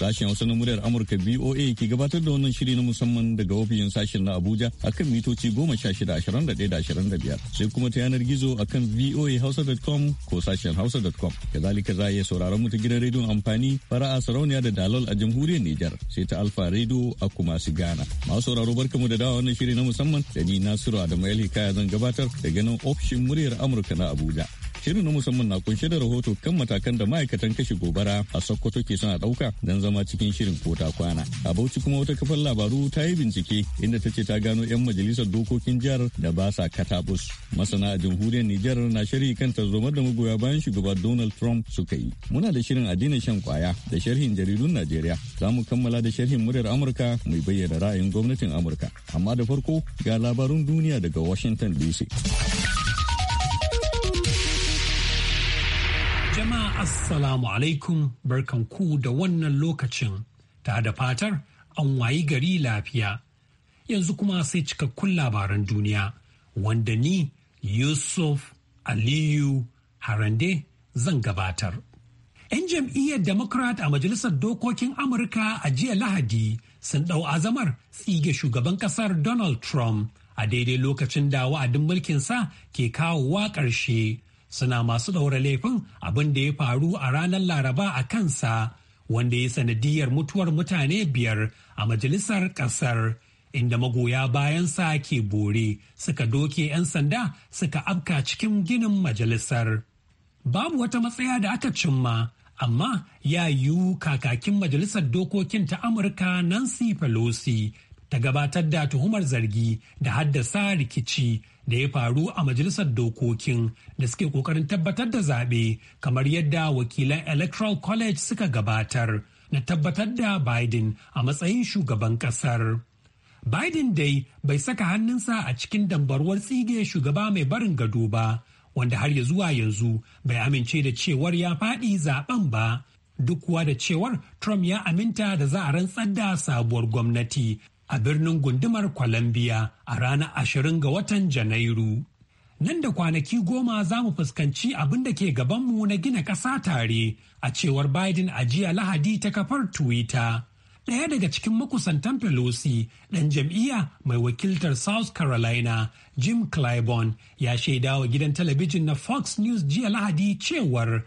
Sashen Hausa na muryar Amurka BOA ke gabatar da wannan shiri na musamman daga ofishin sashen na Abuja akan mitoci goma sha shida ashirin da ɗaya da ashirin da biyar sai kuma ta yanar gizo akan voahausa.com ko sashen hausa.com. Kazalika za a iya sauraron mu ta gidan rediyon amfani fara'a sarauniya da dalol a jamhuriyar Nijar sai ta Alfa rediyo a Kumasi gana Masu sauraro barka mu da dawa wannan shiri na musamman da ni Nasiru Adamu Hikaya zan gabatar daga nan ofishin muryar Amurka na Abuja. Shirin na musamman na kunshe da rahoto kan matakan da ma'aikatan kashe gobara a Sokoto ke suna ɗauka don zama cikin shirin ko ta kwana. A Bauchi kuma wata kafar labaru ta yi bincike inda ta ce ta gano 'yan majalisar dokokin jihar da ba sa katabus. Masana a jamhuriyar Nijar na sharhi kan tarzomar da magoya bayan shugaba Donald Trump suka yi. Muna da shirin addinin shan kwaya da sharhin jaridun Najeriya. Za mu kammala da sharhin muryar Amurka mai bayyana ra'ayin gwamnatin Amurka. Amma da farko ga labarun duniya daga Washington DC. Assalamu alaikum barkanku da wannan lokacin ta da fatar an wayi gari lafiya. Yanzu kuma sai cikakkun labaran duniya wanda ni Yusuf Aliyu Harande zan gabatar. 'Yan jam'iyyar Democrat a Majalisar Dokokin Amurka a jiya Lahadi sun ɗau azamar tsige shugaban ƙasar Donald Trump a daidai lokacin da wa'adin mulkinsa ke kawowa ƙarshe. suna masu ɗaura laifin abin da ya faru a ranar laraba a kansa wanda ya sanadiyar mutuwar mutane biyar a majalisar ƙasar inda magoya bayan sa ke bore suka doke 'yan sanda suka afka cikin ginin majalisar. Babu wata matsaya da aka cimma, amma ya yiwu kakakin majalisar dokokin ta Amurka Nancy Pelosi ta gabatar da tuhumar zargi da haddasa rikici da ya faru a majalisar dokokin da suke kokarin tabbatar da zaɓe kamar yadda wakilan electoral college suka gabatar na tabbatar da biden a matsayin shugaban ƙasar. biden dai bai saka hannunsa a cikin dambarwar tsige shugaba mai barin gado ba wanda har ya zuwa yanzu bai amince da cewar ya faɗi zaben ba duk kuwa da cewar trump ya aminta da za a rantsar da sabuwar gwamnati a birnin gundumar Columbia a ranar ashirin ga watan Janairu. Nan da kwanaki goma za mu fuskanci abin da ke gabanmu na gina ƙasa tare a cewar Biden a jiya Lahadi ta kafar Twitter. Ɗaya daga cikin makusantan Pelosi, ɗan jam'iyya mai wakiltar South Carolina, Jim Clyburn, ya shaida wa gidan talabijin na Fox News jiya Lahadi cewar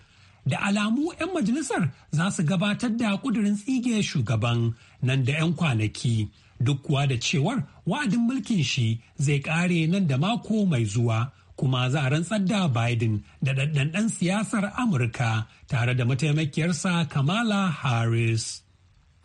da alamu 'yan majalisar za su gabatar da ƙudurin tsige shugaban nan da 'yan kwanaki. duk kuwa da cewar wa'adin mulkin shi zai kare nan da mako mai zuwa kuma za a rantsar da Biden da ɗanɗan siyasar Amurka tare da mataimakiyarsa Kamala Harris.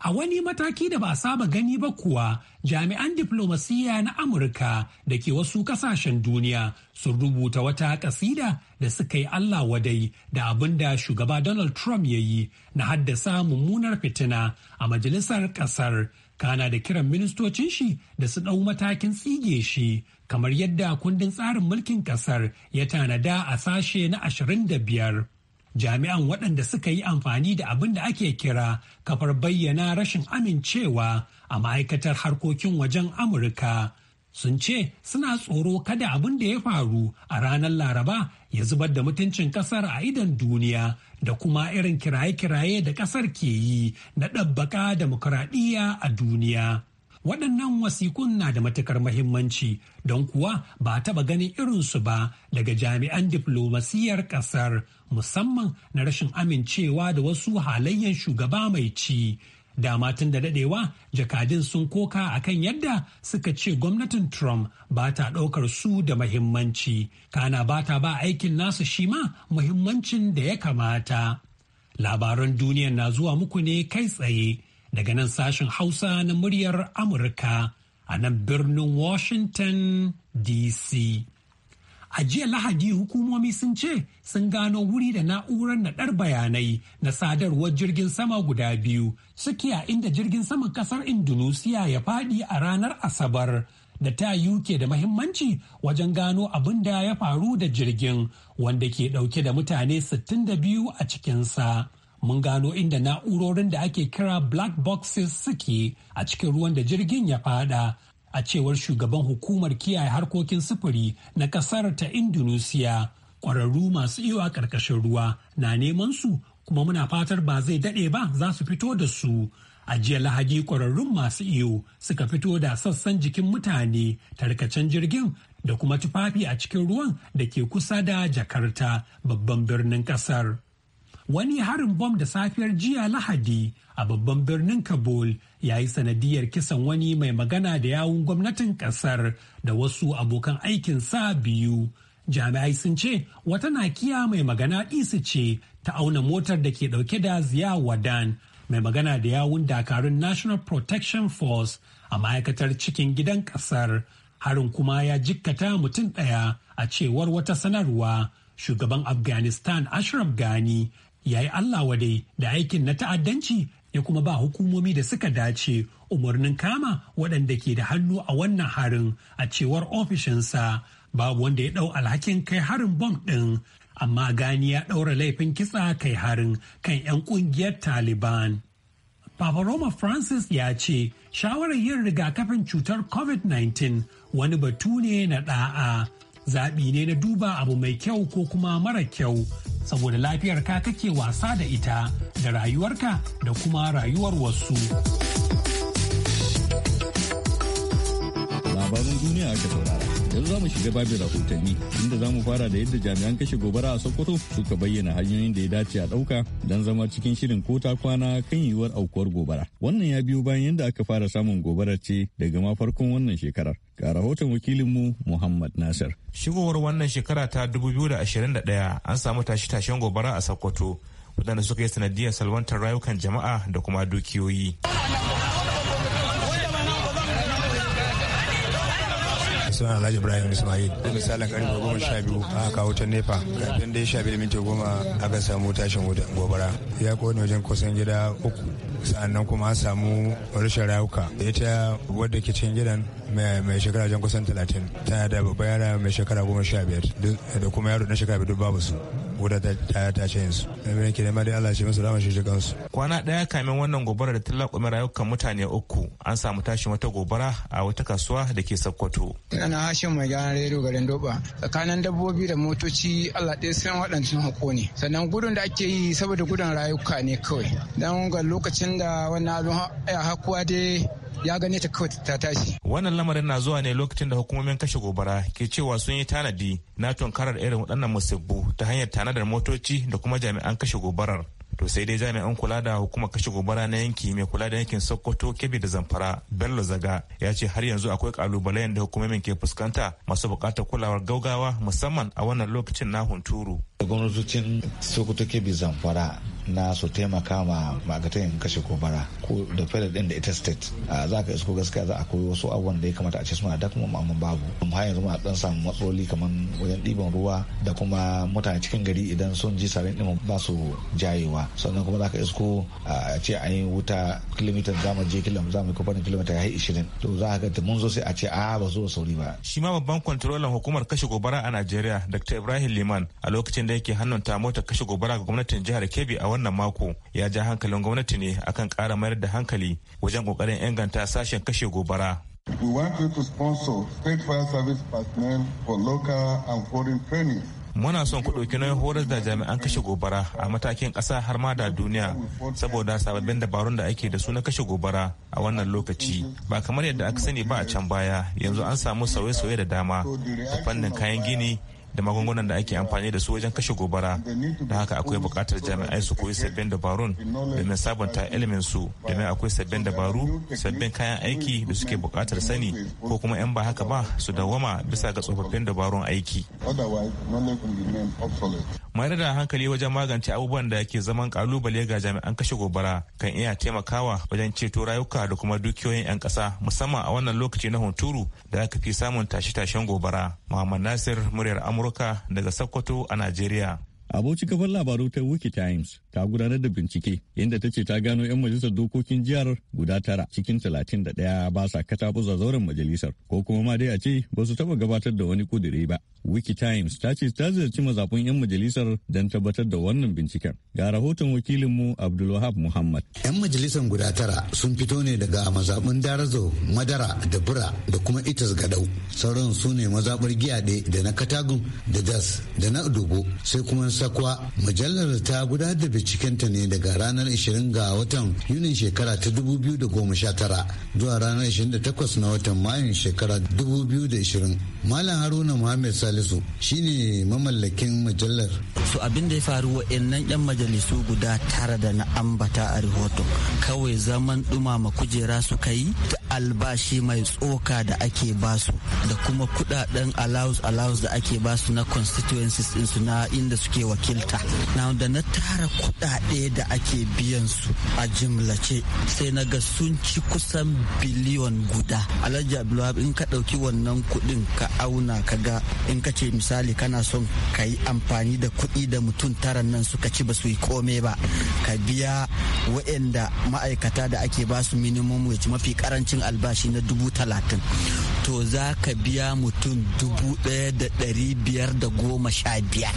A wani mataki da ba a saba gani ba kuwa jami'an diflomasiyya na Amurka da ke wasu kasashen duniya sun rubuta wata kasida da suka yi Allah wadai da abin da shugaba Donald Trump ya yi na haddasa mummunar fitina a majalisar ƙasar. kana da kiran ministocin shi da su ɗau matakin tsige shi kamar yadda kundin tsarin mulkin ƙasar ya tanada a sashe na ashirin da biyar jami'an waɗanda suka yi amfani da abin da ake kira kafar bayyana rashin amincewa a ma'aikatar harkokin wajen amurka sun ce suna tsoro kada abin da ya faru a ranar laraba ya zubar da mutuncin kasar a idan duniya da kuma irin kiraye-kiraye da kasar ke yi na ɗabbaka demokuraɗiyya a duniya waɗannan wasikun na da matukar mahimmanci don kuwa ba taɓa ganin irinsu ba daga jami'an diflomasiyyar ƙasar musamman na rashin amincewa da wasu halayyar shugaba mai ci Dama tun da dadewa jakadin sun koka akan yadda suka ce gwamnatin Trump ba ta ɗaukar su da mahimmanci, kana ba ta ba aikin nasu shi ma muhimmancin da ya kamata. Labaran duniyar na zuwa muku ne kai tsaye daga nan sashen Hausa na muryar Amurka a nan birnin Washington DC. A jiya Lahadi hukumomi sun ce sun gano wuri da na'urar naɗar bayanai na sadarwar jirgin sama guda biyu suke a inda jirgin saman kasar Indonesia ya faɗi a ranar Asabar. Da ta ke da mahimmanci wajen gano abin da ya faru da jirgin wanda ke ɗauke da mutane 62 a cikinsa. Mun gano inda na'urorin da ake kira black boxes suke a cikin ruwan da jirgin ya fada a cewar shugaban hukumar kiyaye harkokin sufuri na kasar ta indonesia kwararru masu iyo a ƙarƙashin ruwa na neman su kuma muna fatar ba zai daɗe ba za su fito da su a jiya lahadi ƙwararrun masu iyo suka fito da sassan jikin mutane tarkacen jirgin da kuma tufafi a cikin ruwan da ke kusa da jakarta babban birnin ƙasar. wani harin bom da safiyar jiya lahadi a babban birnin kabul ya yi sanadiyar kisan wani mai magana da yawun gwamnatin kasar da wasu abokan aikin sa biyu jami'ai sun ce wata nakiya mai magana isi ce ta auna motar da ke dauke da ziya wadan mai magana da yawun dakarun national protection force a ma'aikatar cikin gidan kasar harin kuma ya jikkata mutum daya a cewar wata sanarwa shugaban afghanistan ashraf ghani Yayi Allah wadai da aikin na ta'addanci ya kuma ba hukumomi da suka dace umarnin kama waɗanda ke da hannu a wannan harin a cewar ofishinsa babu wanda ya ɗau alhakin kai harin bom ɗin amma gani ya ɗaura laifin kitsa kai harin kan 'yan ƙungiyar taliban Papa Roma Francis ya ce shawarar yin rigakafin cutar COVID-19 wani batu ne na ɗa'a zaɓi ne na duba abu mai kyau ko kuma mara kyau saboda lafiyar ka kake wasa da ita da rayuwarka da kuma rayuwar wasu. Labarin duniya ake saurara. yanzu za mu shiga babin rahotanni inda za mu fara da yadda jami'an kashe gobara a sokoto suka bayyana hanyoyin da ya dace a ɗauka don zama cikin shirin ko ta kwana kan yiwuwar aukuwar gobara wannan ya biyo bayan yadda aka fara samun gobara ce daga ma farkon wannan shekarar ga rahoton wakilinmu muhammad nasir shigowar wannan shekara ta biyu da 2021 an samu tashe-tashen gobara a sokoto waɗanda suka yi sanadiyar salwantar rayukan jama'a da kuma dukiyoyi. sunan alhaji ibrahim ismail da misalin karfe goma sha biyu a kawo ta nefa kafin da ya sha biyu da minti goma aka samu tashin wuta gobara ya kone wajen kusan gida uku sa'annan kuma an samu rashin rayuka ita wadda ke cikin gidan mai shekara wajen kusan talatin tana da babba yara mai shekara goma sha biyar da kuma yaro na shekara biyu babu su wuta ta ta ce yanzu abin ke nema dai Allah shi masu rama shi kansu kwana daya kamin wannan gobara da kuma rayukan mutane uku an samu tashin wata gobara a wata kasuwa da ke Sokoto ina hashin mai gyaran rediyo garin Doba tsakanin dabbobi da motoci Allah ɗaya sun waɗancan hako ne sannan gudun da ake yi saboda gudun rayuka ne kawai don ga lokacin da wannan abin ya hakuwa dai ya gane ta kawai ta tashi wannan lamarin na zuwa ne lokacin da hukumomin kashe gobara ke cewa sun yi tanadi na tunkarar irin waɗannan musibbu ta hanyar tanadar motoci da kuma jami'an kashe gobarar to sai dai jami'an kula da hukumar kashe gobara na yanki mai kula da yankin sokoto kebbi da zamfara bello zaga ya ce har yanzu akwai kalubale da hukumomin ke fuskanta masu buƙatar kulawar gaugawa musamman a wannan lokacin na hunturu gwamnatocin sokoto kebbi zamfara na su taimaka ma ma'aikatan kashe gobara ko da federal din da ita state za ka isko gaskiya za a koyi wasu abubuwan da ya kamata a ce suna da kuma amma babu kuma har yanzu muna dan samu matsaloli kamar wajen ɗiban ruwa da kuma mutane cikin gari idan sun ji sarin ɗin ba su jayewa sannan kuma za ka isko a ce a yi wuta kilomita za mu je kilomita za mu kwafarin kilomita ya yi ishirin to za ka ga mun zo sai a ce a ba zo sauri ba. shi ma babban kwantarolan hukumar kashe gobara a najeriya dr ibrahim liman a lokacin da yake hannunta mota kashe gobara ga gwamnatin jihar kebbi a wannan mako ya ja hankalin gwamnati ne akan kara mayar da hankali wajen kokarin inganta sashen kashe gobara. We want you to muna son ku ɗauki nauyin horar da jami'an kashe gobara a matakin ƙasa har ma da duniya saboda sababbin dabarun da ake da su na kashe gobara a wannan lokaci ba kamar yadda aka sani ba a can baya yanzu an samu sauye-sauye da dama a fannin kayan gini da magungunan da ake amfani da su wajen kashe gobara da haka akwai buƙatar jami'ai su koyi sabbin dabarun domin sabunta ilimin su domin akwai sabbin dabaru sabbin kayan aiki da suke buƙatar sani ko kuma yan ba haka ba su dawwama bisa ga tsofaffin dabarun aiki mayar da hankali wajen magance abubuwan da ke zaman kalubale ga jami'an kashe gobara kan iya taimakawa wajen ceto rayuka da kuma dukiyoyin 'yan ƙasa musamman a wannan lokaci na hunturu da aka fi samun tashe-tashen gobara muhammad nasir muryar amur. amurka daga sokoto a najeriya Aboci kafar labaru ta Wiki Times ta gudanar da bincike inda ta ce ta gano 'yan majalisar dokokin jihar guda tara cikin talatin da ɗaya ba sa katabuza zauren majalisar ko kuma ma dai a ce ba su taɓa gabatar da wani kudiri ba. Wiki Times ta ce ta ziyarci mazafin 'yan majalisar don tabbatar da wannan binciken. Ga rahoton wakilinmu Abdulwahab Muhammad. 'Yan majalisar guda tara sun fito ne daga mazaɓin Darazo, Madara da Bura da kuma Itas Gadau. Sauran su ne mazaɓar Giyaɗe da na Katagun da Das da na Dogo sai kuma sakwa mujallar ta gudanar da bincikenta ne daga ranar 20 ga watan yunin shekara ta 2019 zuwa ranar 28 na watan mayun shekara 2020 malam haruna muhammad salisu shine mamallakin mujallar su abin da ya faru wa wa'annan yan majalisu guda tara da na ambata a rahoton kawai zaman dumama kujera suka yi ta albashi mai tsoka da ake basu da kuma kudaden allowance allowance da ake basu na constituencies su na inda suke wakilta na da na tara kudade da ake biyan su a jimlace sai na ga sun ci kusan biliyon guda alhaji abdullahi in ka dauki wannan kudin ka auna ka ga in ka ce misali kana son ka yi amfani da kuɗi da mutum tara nan suka ci ba su yi kome ba ka biya wa'anda ma'aikata da ake basu minimum wage mafi karancin cikin albashi na dubu talatin to za ka biya mutum dubu ɗaya da ɗari biyar da goma sha biyar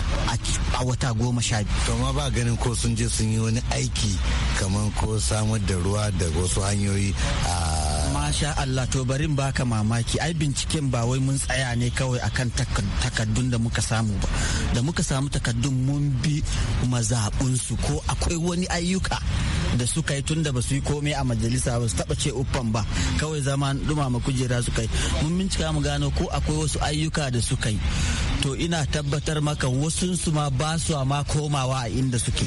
a wata goma sha biyar. to ma ba ganin ko sun je sun yi wani aiki kamar ko samar da ruwa da wasu hanyoyi a Masha Allah to barin baka mamaki ai binciken ba wai mun tsaya ne kawai akan takaddun da muka samu ba da muka samu takaddun mun bi mazaɓunsu ko akwai wani ayyuka da suka yi tunda ba su yi komai a majalisa ba su taba ce uffan ba kawai zama dumama kujera suka yi mun bincika mu gano ko akwai wasu ayyuka da suka yi to ina tabbatar maka wasu su ma ba su ma komawa a inda suke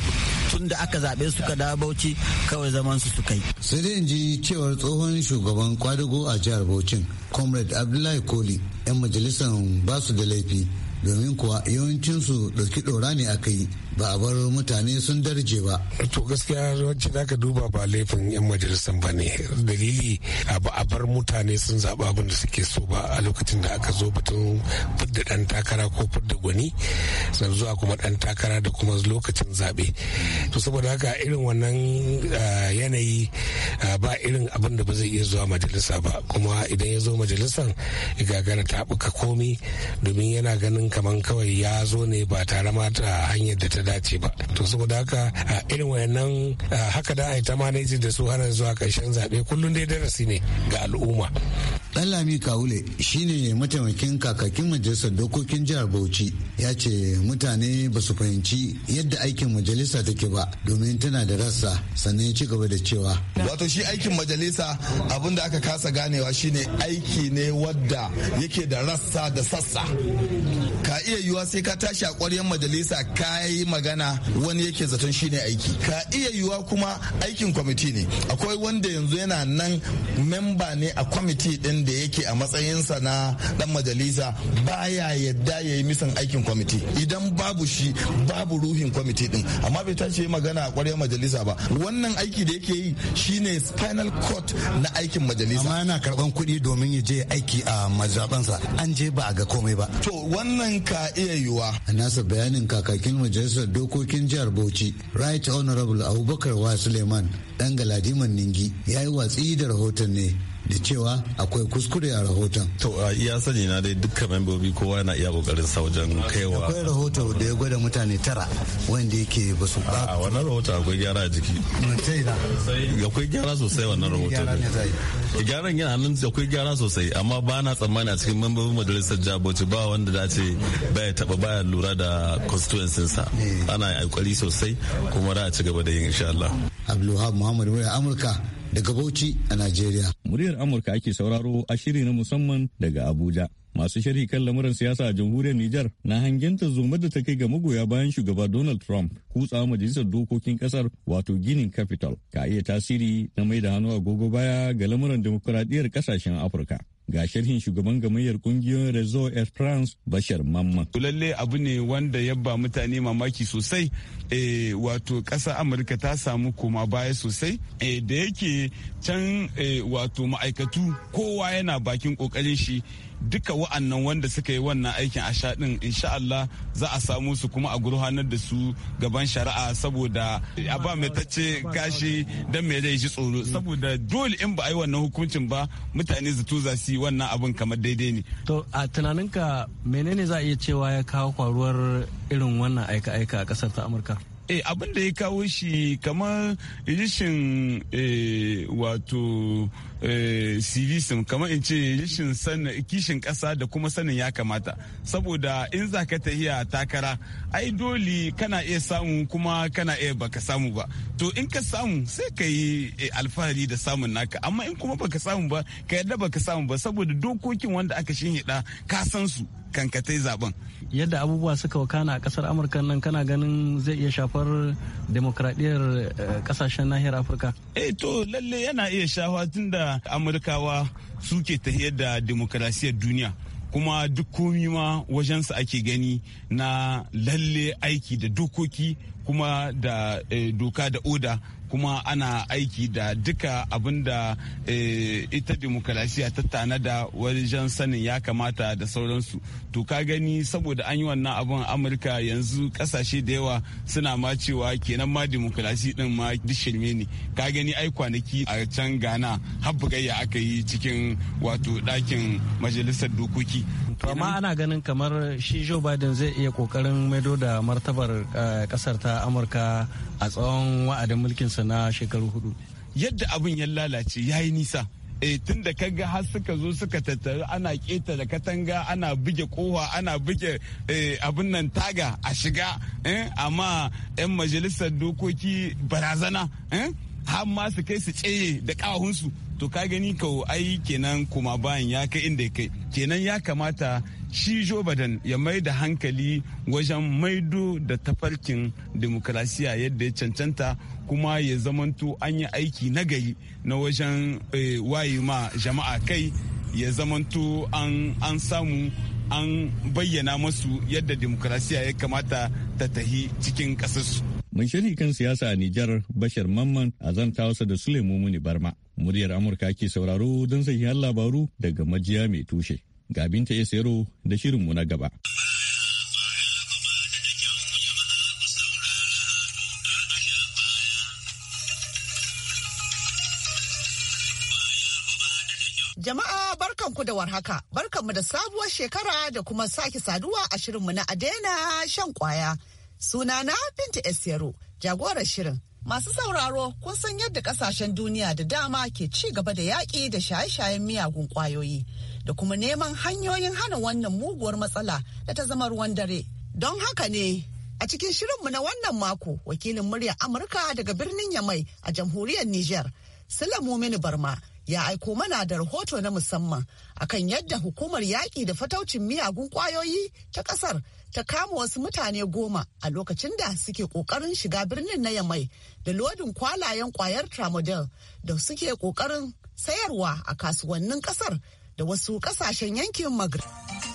tun da aka zaɓe suka da bauchi kawai zaman su suka yi. sai dai in ji cewar tsohon shugaban kwadugo a jihar bauchin comrade abdullahi koli yan majalisar ba su da laifi domin kuwa yawancinsu ɗauki ɗora ne aka yi ba a bar mutane sun darje ba. To gaskiya wacce za ka duba ba laifin 'yan majalisar ba ne dalili ba a bar mutane sun zaɓa abin da suke so ba a lokacin da aka zo batun fidda ɗan takara ko fidda gwani san zuwa kuma ɗan takara da kuma lokacin zaɓe. To saboda haka irin wannan yanayi ba irin abin da ba zai iya zuwa majalisa ba kuma idan ya zo majalisar gagara ta komi domin yana ganin kamar kawai ya zo ne ba tare ma ta hanyar da ta dace ba to saboda haka a irin wayannan haka da a yi ta manajin da su har zuwa karshen zaɓe kullum dai darasi ne ga al'umma Dallami Kawule shine mataimakin kakakin majalisar dokokin jihar Bauchi ya ce mutane ba su fahimci yadda aikin majalisa take ba domin tana da rassa sannan ya ci gaba da cewa. Wato shi aikin majalisa abin da aka kasa ganewa shine aiki ne wadda yake da rassa da sassa. Ka iya yiwuwa sai ka tashi a ƙwaryar majalisa ka yi magana wani yake zaton shine aiki. Ka iya yiwuwa kuma aikin kwamiti ne. Akwai wanda yanzu yana nan memba ne a kwamiti ɗin da yake a matsayinsa na dan majalisa baya yadda ya yi misan aikin kwamiti idan babu shi babu ruhin kwamiti din amma bai tashi yi magana a kwaryar majalisa ba wannan aiki da yake yi shine spinal cord na aikin majalisa amma yana karban kuɗi domin ya je aiki a mazabansa an je ba a ga komai ba to wannan ka iya yiwa nasa bayanin kakakin majalisar dokokin jihar bauchi right honorable abubakar wa suleiman dan galadiman ningi ya yi watsi da rahoton ne da cewa akwai kuskure a rahoton. To iya sani na dai dukkan membobi kowa yana iya kokarin sa wajen kaiwa. Akwai rahoto da ya gwada mutane tara wanda yake ba su ba. A wannan rahoto akwai gyara a jiki. Akwai gyara sosai wannan rahoto. Gyaran yana nan akwai gyara sosai amma ba na tsammani a cikin membobin majalisar jaboci ba wanda da ce baya taba baya lura da constituencinsa. Eh. Ana kokari sosai kuma da a ci gaba da yin insha Allah. Abdulwahab Muhammadu Mura Amurka daga Bauchi a Najeriya. Muryar Amurka ake sauraro a shiri na musamman daga Abuja. Masu sharhi kan lamuran siyasa a jamhuriyar Nijar na hangentar zomar da ta kai ga magoya bayan shugaba Donald Trump kutsa majalisar dokokin kasar wato ginin capital ka iya tasiri na mai da hannu agogo baya ga lamuran demokuraɗiyyar kasashen Afirka. ga sharhin shugaban gamayyar kungiyoyin rezo air france bashar mamman lalle abu ne wanda ya ba mutane mamaki sosai e, wato ƙasa amurka ta samu koma baya sosai e, da yake can e, wato ma'aikatu kowa yana bakin ƙoƙarin shi duka wa'annan wanda suka yi wannan aikin a shaɗin insha Allah za a samu su kuma a gurhanar da su gaban shari'a saboda a ba mai tace gashi don me zai ji tsoro saboda dole in ba a yi wannan hukuncin ba mutane zato za su yi wannan abin kamar daidai ne to a tunaninka menene za a iya cewa ya kawo kwaruwar irin wannan aika-aika a kasar ta Amurka eh abin da ya kawo shi kamar rishin eh, wato Eh, civism kamar in ce rishin sanin kishin kasa da kuma sanin ya kamata saboda in za ka iya takara ai dole kana iya samu kuma kana iya baka samu ba to in ka samu sai ka yi eh, alfahari da samun naka amma in kuma baka samu ba ka yarda baka samu ba saboda dokokin wanda aka shinhiɗa ka san su kankatai zaben yadda abubuwa suka wakana a kasar amurka nan kana ganin zai iya shafar demokradiyyar kasashen eh, nahiyar afirka eh to lalle yana iya shafa tunda yadda amurkawa suke tafiyar da demokrasiyar duniya kuma duk komi ma wajensa ake gani na lalle aiki da dokoki kuma da eh, doka da oda kuma ana aiki da duka abin da eh, ita demokarasiya ta da wajen sanin ya kamata da sauransu to ka gani saboda an yi wannan abin amurka yanzu kasashe da yawa suna ma cewa kenan ma demokarasi din ma shirme ne ka gani ai kwanaki a can ghana habbugayya aka yi cikin wato dakin majalisar dokoki to amma ana ganin kamar shi joe biden zai iya kokarin maido da martabar kasar eh, ta amurka a tsawon wa'adin mulkinsa na shekaru hudu yadda abin ya lalace ya yi nisa e tun da ga har suka zo suka tattaru ana keta da katanga ana buge kowa ana buge eh, abin nan taga a shiga eh, amma 'yan majalisar dokoki barazana har ma su kai su tsaye da kawahunsu to ka gani kawo ai kenan kuma bayan ya kai inda ya kai kenan ya kamata shi jo-badan ya mai da hankali wajen maido da tafarkin demokrasiya yadda ya cancanta kuma ya zamanto an yi aiki na gari na wajen eh, waye ma jama'a kai ya zamanto an samu an bayyana masu yadda demokrasiya ya kamata ta tahi cikin ƙasarsu. mun shiri kan siyasa a Nijar Bashar Mamman a zanta wasa da Sulemu Muni Barma. Muryar Amurka ke sauraro don sahihan labaru daga majiya mai tushe. ta ya sayaro da shirinmu na gaba. barkan ku da warhaka, barkan mu da sabuwar shekara da kuma sake saduwa a shirinmu na Adena shan kwaya. suna na Binta Esiyaro, jagorar shirin. Masu sauraro kun san yadda kasashen duniya da dama ke ci gaba da yaƙi da shaye-shayen miyagun kwayoyi da kuma neman hanyoyin hana wannan muguwar matsala da ta zama ruwan dare. Don haka ne a cikin shirinmu na wannan mako wakilin murya Amurka daga birnin Yamai a jamhuriyar Nijar, silamu mini Barma ya aiko mana da rahoto na musamman akan yadda hukumar yaƙi da fataucin miyagun ƙwayoyi ta ƙasar ta kama wasu mutane goma a lokacin da suke ƙoƙarin shiga birnin na yamai da lodin kwalayen ƙwayar tramadol da suke ƙoƙarin sayarwa a kasuwannin ƙasar da wasu ƙasashen yankin magrib.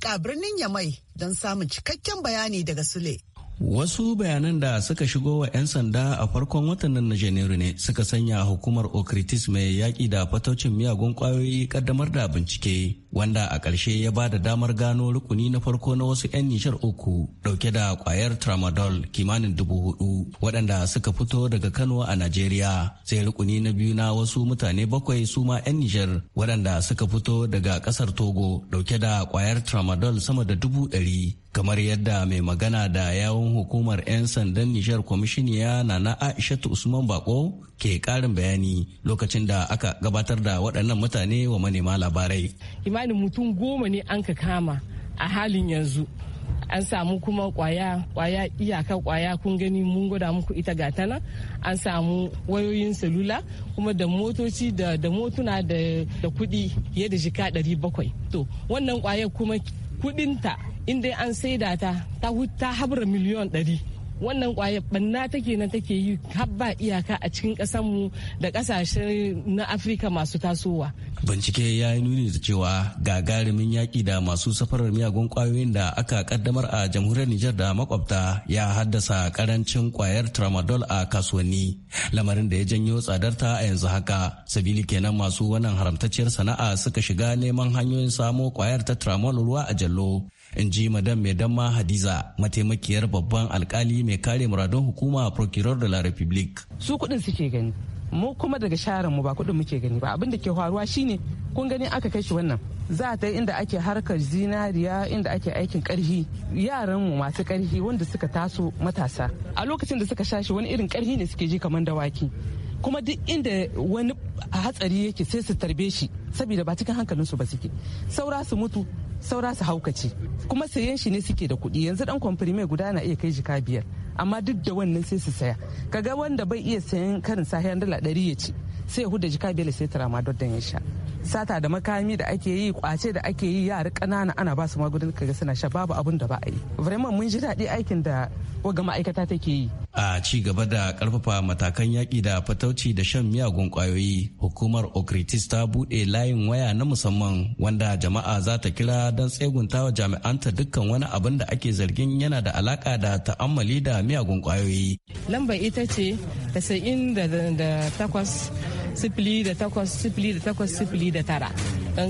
ka birnin Yamai don samun cikakken bayani daga Sule. Wasu bayanan da suka shigo wa 'yan sanda a farkon watan nan na Janairu ne suka sanya hukumar Okritis mai yaƙi da fataucin miyagun ƙwayoyi ƙaddamar da bincike wanda a ƙarshe ya ba da damar gano rukuni na farko na wasu 'yan nishar uku ɗauke da ƙwayar tramadol kimanin dubu hudu waɗanda suka fito daga Kano a Najeriya sai rukuni na biyu na wasu mutane bakwai su ma 'yan nishar waɗanda suka fito daga ƙasar Togo ɗauke da ƙwayar tramadol sama da dubu ɗari kamar yadda mai magana da yawon hukumar 'yan sandan nishar kwamishiniya na na aishatu usman bako ke karin bayani lokacin da aka gabatar da waɗannan mutane wa manema labarai imanin mutum goma ne an ka kama a halin yanzu an samu kuma kwaya kwaya iyaka kwaya kun gani mun gwada muku ita gata nan an samu wayoyin salula kuma da motoci da motuna da kuɗi yadda jika 700 to wannan kwaya kuma kuɗinta. in dai an saida ta ta ta habra miliyon ɗari wannan kwaya banna take nan take yi har ba iyaka a cikin mu da ƙasashe na afirka masu tasowa bincike ya yi nuni da cewa gagarumin yaƙi da masu safarar miyagun kwayoyin da aka kaddamar a jamhuriyar nijar da makwabta ya haddasa karancin kwayar tramadol a kasuwanni lamarin da ya janyo tsadarta a yanzu haka sabili kenan masu wannan haramtacciyar sana'a suka shiga neman hanyoyin samo kwayar ta tramol ruwa a jallo in ji madam mai ma hadiza mataimakiyar babban alkali mai kare muradun hukuma procureur de la republique su kuɗin suke gani mu kuma daga sharan mu ba kuɗin muke gani ba abin da ke faruwa shine kun gani aka kai shi wannan za ta inda ake harkar zinariya inda ake aikin karhi yaran mu masu karhi wanda suka taso matasa a lokacin da suka shashi wani irin karhi ne suke ji kamar dawaki kuma duk inda wani hatsari yake sai su tarbe shi saboda ba cikin hankalinsu ba suke saura su mutu saura su haukace kuma sayen shi ne suke da kuɗi yanzu dan kwamfirme guda na iya kai jika biyar amma duk da wannan sai su saya kaga wanda bai iya sayan karin sahiyan dala ɗari ya ci sai ya huda jika biyar sai tara ma don ya sha sata da makami da ake yi kwace da ake yi yara kanana ana ba su magudan kaga suna sha babu abun da ba a yi vraiment mun ji daɗi aikin da waga ma'aikata take yi a ci gaba da karfafa matakan yaƙi da fatauci da shan miyagun ƙwayoyi hukumar okritis ta buɗe layin waya na musamman wanda jama'a za ta kira don tseguntawa jami'anta dukkan wani abin da ake zargin yana da alaƙa da ta'ammali da miyagun ƙwayoyi lambar ita ce da takwas sifili da takwas sifili da takwas sifili da tara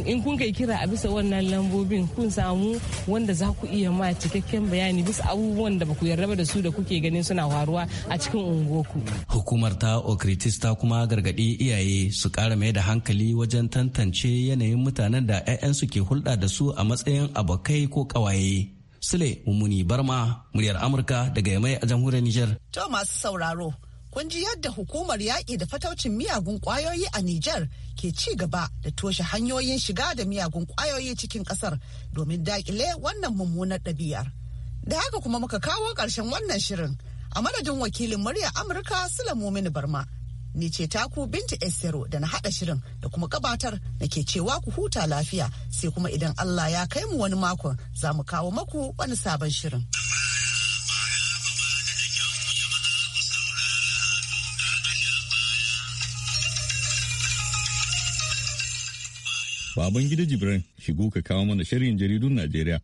in kun kai kira a bisa wannan lambobin kun samu wanda za ku iya ma cikakken bayani bisa abubuwan da baku yarda da su da kuke ganin suna faruwa a cikin unguwarku. hukumar ta okritis ta kuma gargadi iyaye su kara mai da hankali wajen tantance yanayin mutanen da 'ya'yansu ke hulɗa da su a matsayin abokai ko kawaye sule mummuni barma muryar amurka daga yamai a jamhuriyar niger to masu sauraro kun ji yadda hukumar yaƙi da fataucin miyagun ƙwayoyi a Nijar ke ci gaba da toshe hanyoyin shiga da miyagun ƙwayoyi cikin ƙasar domin daƙile wannan mummunar ɗabi'ar. Da haka kuma muka kawo ƙarshen wannan shirin a madadin wakilin murya Amurka sula mumin Barma. Ni ce taku Binta Esero da na haɗa shirin da kuma gabatar da ke cewa ku huta lafiya sai kuma idan Allah ya kai mu wani makon za mu kawo maku wani sabon shirin. Baban gida Jibrin shigo ka kawo mana shirin jaridun Najeriya.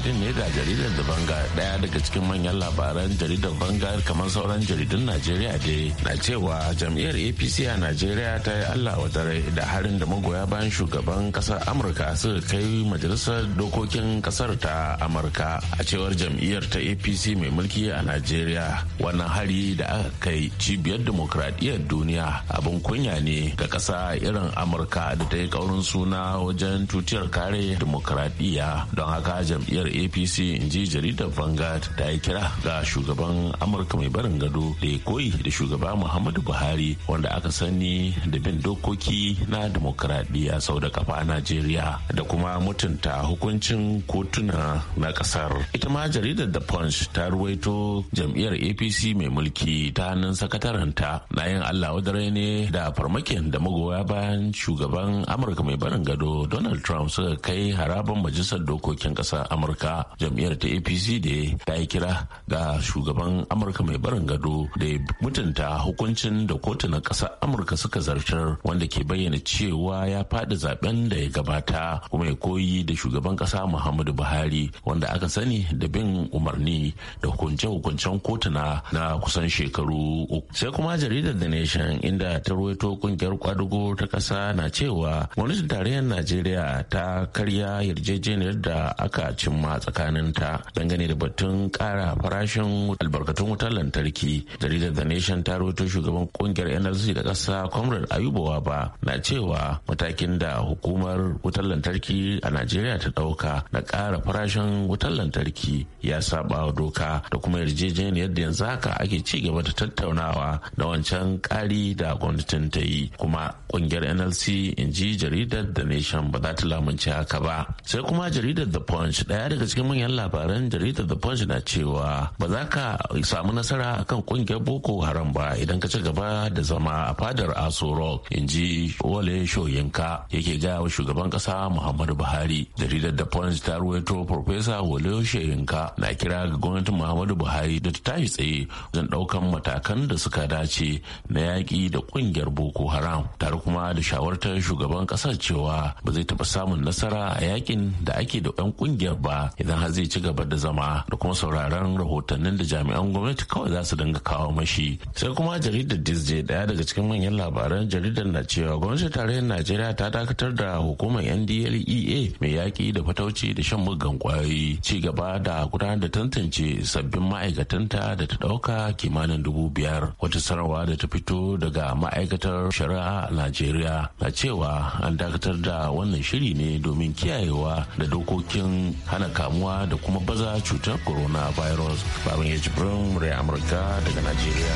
jaridun ne ga jaridar da banga daya daga cikin manyan labaran jaridar banga kamar sauran jaridun najeriya dai na cewa jam'iyyar apc a najeriya ta yi allah dare da harin da magoya bayan shugaban kasar amurka suka kai majalisar dokokin kasar ta amurka a cewar jam'iyyar ta apc mai mulki a najeriya wannan hari da aka kai cibiyar demokradiyyar duniya abin kunya ne ga kasa irin amurka da ta yi kaurin suna wajen tutiyar kare demokradiyya don haka jam'iyyar apc in ji jaridar vanguard ta yi kira ga shugaban amurka mai barin gado da ya koyi da shugaba muhammadu buhari wanda aka sani da bin dokoki na demokradiyya sau da kafa a najeriya da kuma mutunta hukuncin kotuna na kasar ita ma jaridar the punch ta ruwaito jam'iyyar apc mai mulki ta hannun sakataranta na yin allah wadare ne da farmakin da magoya bayan shugaban amurka mai barin gado donald trump suka kai harabar majalisar dokokin kasar amurka amurka jam'iyyar ta apc da ta yi kira ga shugaban amurka mai barin gado da ya mutunta hukuncin da kotunan kasar amurka suka zartar wanda ke bayyana cewa ya faɗi zaben da ya gabata kuma ya koyi da shugaban ƙasa muhammadu buhari wanda aka sani da bin umarni da hukunce-hukuncen kotuna na kusan shekaru uku sai kuma jaridar the nation inda ta ruwaito kungiyar kwadugo ta ƙasa na cewa gwamnatin tarayyar najeriya ta karya yarjejeniyar da aka cimma tsakanin tsakaninta dangane da batun kara farashin albarkatun wutar lantarki jaridar the nation ta rawaito shugaban kungiyar nlc da ƙasa comrade ayubawa ba na cewa matakin da hukumar wutar lantarki a najeriya ta ɗauka na kara farashin wutar lantarki ya saba wa doka da kuma yarjejeniyar da yanzu haka ake ci gaba da tattaunawa da wancan ƙari da gwamnatin ta yi kuma kungiyar nlc in ji jaridar the nation ba za ta lamunci haka ba sai kuma jaridar the punch ɗaya daga daga cikin manyan labaran jaridar The Punch na cewa ba za ka samu nasara kan kungiyar Boko Haram ba idan ka ci gaba da zama a fadar Aso Rock in ji Wale Shoyinka yake gaya shugaban kasa Muhammadu Buhari. Jaridar The Punch ta ruwaito Profesa Wale Shoyinka na kira ga gwamnatin Muhammadu Buhari da ta tashi tsaye wajen ɗaukan matakan da suka dace na yaƙi da kungiyar Boko Haram tare kuma da shawartar shugaban kasar cewa ba zai taɓa samun nasara a yakin da ake da 'yan kungiyar ba idan har zai ci gaba da zama da kuma sauraron rahotannin da jami'an gwamnati kawai za su dinga kawo mashi sai kuma jaridar disney daya daga cikin manyan labaran jaridar na cewa gwamnatin tarayyar najeriya ta dakatar da hukumar ndlea mai yaƙi da fatauci da shan muggan kwayoyi ci gaba da gudanar da tantance sabbin ma'aikatanta da ta ɗauka kimanin dubu biyar wata sanarwa da ta fito daga ma'aikatar shari'a a najeriya na cewa an dakatar da wannan shiri ne domin kiyayewa da dokokin hana kamuwa da kuma baza cutar coronavirus babin ya jibrin murai amurka daga najeriya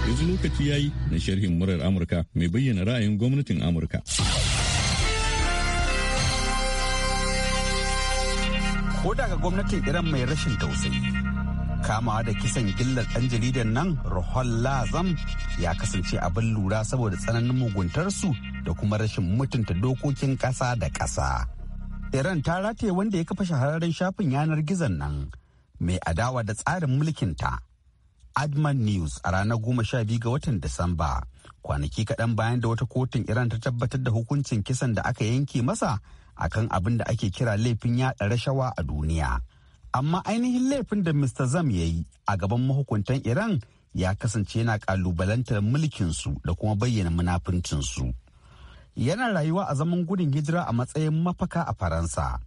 yanzu lokaci ya yi na sharhin murar amurka mai bayyana ra'ayin gwamnatin amurka ko daga gwamnatin iran mai rashin tausayi kamawa da kisan gillar ɗan jaridan nan Rahul Lazam ya kasance abin lura saboda tsananin muguntarsu da kuma rashin mutunta dokokin ƙasa da ƙasa. Iran ta rataye wanda ya kafa shahararren shafin yanar gizon nan mai adawa da tsarin mulkinta. Adman News a ranar goma sha biyu ga watan Disamba kwanaki kaɗan bayan da wata kotun Iran ta tabbatar da hukuncin kisan da aka yanke masa akan abin da ake kira laifin yaɗa rashawa a duniya. Amma ainihin laifin da Mr. Zam ya yi a gaban mahukuntan Iran ya kasance yana ƙalubalantar mulkinsu da kuma bayyana munafincinsu. yana rayuwa a zaman gudun hijira a matsayin mafaka a Faransa.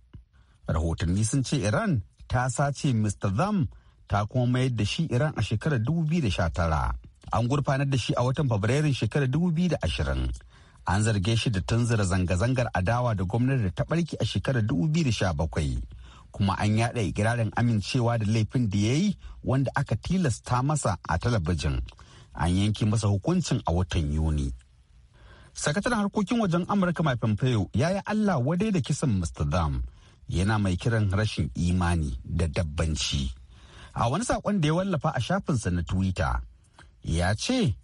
Rahotanni sun ce Iran ta sace Mr. Zam ta kuma mayar da shi Iran a shekarar 2019. An gurfanar da shi a watan Fabrairun shekarar 2020. An zarge shi da tunzura zanga-zangar adawa da gwamnati da ta barki a shekarar 2017. Kuma an yada ikirarin amincewa da laifin da ya yi wanda aka tilasta masa a talabijin. An yanke masa hukuncin a watan Yuni. sakataren harkokin wajen amurka mai pompeo ya yi allah wadai da kisan mr dam yana mai kiran rashin imani da dabbanci a wani sakon da ya wallafa a shafinsa na twitter ya ce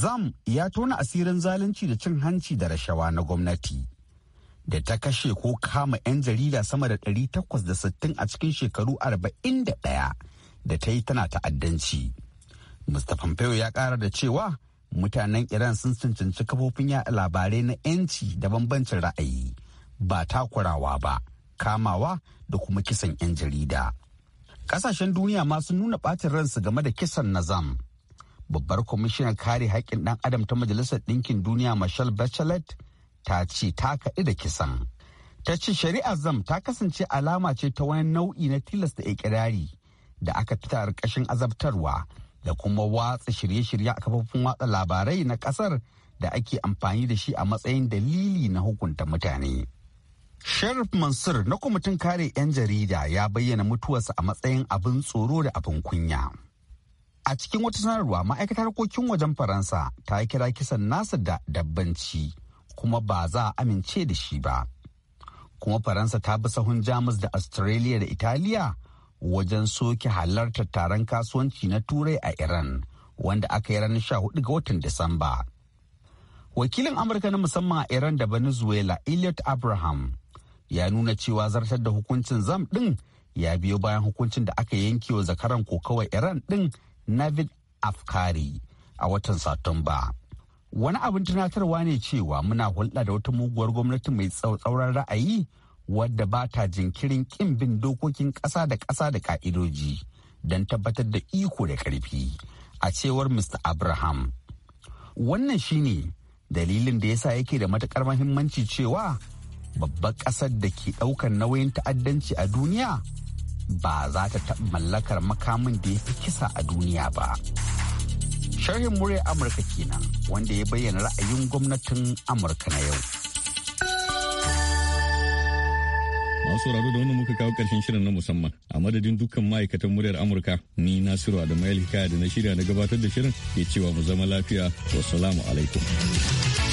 zam ya tona asirin zalunci da cin hanci da rashawa na gwamnati da ta kashe ko kama 'yan jarida sama da 860 a cikin shekaru 41 da ta yi tana ta'addanci. Mr. Pompeo ya kara da cewa mutanen iran sun cancanci kafofin yaɗa labarai na 'yanci da bambancin ra'ayi ba takurawa ba kamawa da kuma kisan 'yan jarida kasashen duniya ma sun nuna ɓacin ransu game da kisan nazam babbar kwamishinan kare haƙƙin ɗan adam ta majalisar ɗinkin duniya michelle bachelet ta ce ta kaɗi da kisan ta ce shari'ar zam ta kasance alama ce ta wani nau'i na tilasta ikirari da aka fitar ƙarƙashin azabtarwa da kuma watsa shirye-shirye a kafofin watsa labarai na kasar da ake amfani da shi a matsayin dalili na hukunta mutane. Sharif Mansur na kwamitin kare 'yan jarida ya bayyana mutuwarsa a matsayin abin tsoro da abin kunya. A cikin wata sanarwa ma'aikatar harkokin wajen Faransa ta kira kisan nasa da dabbanci kuma ba za a amince da shi ba. Kuma Faransa ta bi sahun Jamus da Australia da Italiya wajen soke halartar taron kasuwanci na turai a iran wanda aka yi ranar hudu ga watan disamba wakilin amurka na musamman a iran da venezuela elliot abraham ya nuna cewa zartar da hukuncin zam din ya biyo bayan hukuncin da aka yanke wa zakaran kokawa iran din navid afkari a watan satumba wani abin tunatarwa ne cewa muna hulɗa da wata muguwar gwamnati mai tsauraran ra'ayi wadda ba ta jinkirin ƙin bin dokokin ƙasa da ƙasa da ƙa'idoji don tabbatar da iko da ƙarfi a cewar Mr. Abraham. Wannan shine dalilin da yasa yake da matuƙar mahimmanci cewa babbar ƙasar da ke ɗaukar nauyin ta'addanci a duniya ba za ta taɓa mallakar makamin da ya fi kisa a duniya ba. Sharhin murya Amurka kenan wanda ya bayyana ra'ayin gwamnatin Amurka na yau. Masu rado da wannan muka kawo karshen shirin na musamman a madadin dukkan ma'aikatan muryar Amurka ni Nasiru Adamu Hikaya da na shirya na gabatar da shirin ke cewa mu zama lafiya wassalamu alaikum.